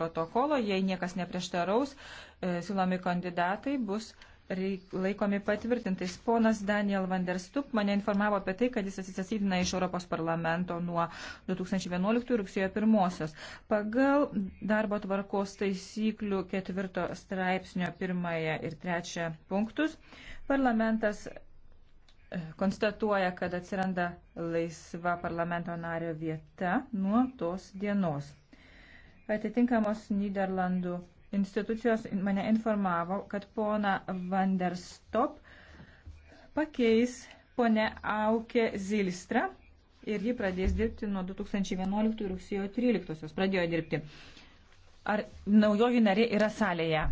protokolo, jei niekas neprieštaraus, e, siūlomi kandidatai bus laikomi patvirtintais. Ponas Daniel Vanderstup mane informavo apie tai, kad jis atsisasydina iš Europos parlamento nuo 2011 rugsėjo 1. Pagal darbo tvarkos taisyklių 4 straipsnio 1 ir 3 punktus parlamentas e, konstatuoja, kad atsiranda laisva parlamento nario vieta nuo tos dienos. Atitinkamos Niderlandų institucijos mane informavo, kad pona Van der Stop pakeis ponę Aukę Zilstra ir ji pradės dirbti nuo 2011 rugsėjo 13-osios. Pradėjo dirbti. Ar naujoji narė yra salėje?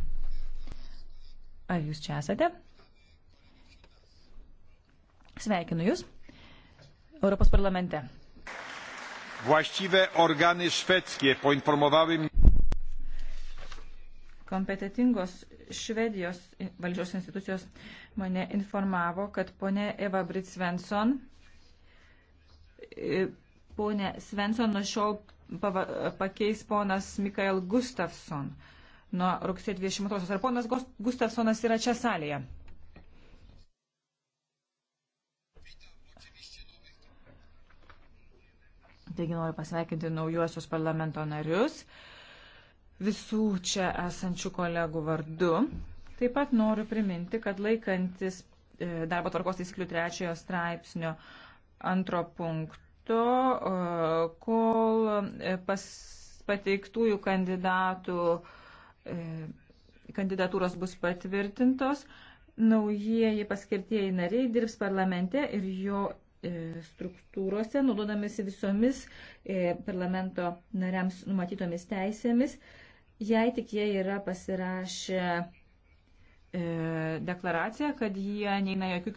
Ar jūs čia esate? Sveikinu Jūs Europos parlamente. Właściwe organy szwedzkie poinformowały mnie. Kompetitingos Švedijos valdžios institucijos mane informavo, kad ponė Eva Brit Svensson, e, ponė Svensson nuo šiol pakeis ponas Mikael Gustafsson nuo rugsėjo 20. -osios. Ar ponas Gustafsonas yra čia salėje? Taigi noriu pasveikinti naujuosius parlamento narius visų čia esančių kolegų vardu. Taip pat noriu priminti, kad laikantis e, darbo tvarkos taisyklių trečiojo straipsnio antro punkto, e, kol e, pas, pateiktųjų kandidatų kandidatūros bus patvirtintos, naujieji paskirtieji nariai dirbs parlamente ir jo E, struktūrose, naudodamėsi visomis e, parlamento nariams numatytomis teisėmis, jei tik jie yra pasirašę e, deklaraciją, kad jie neina jokių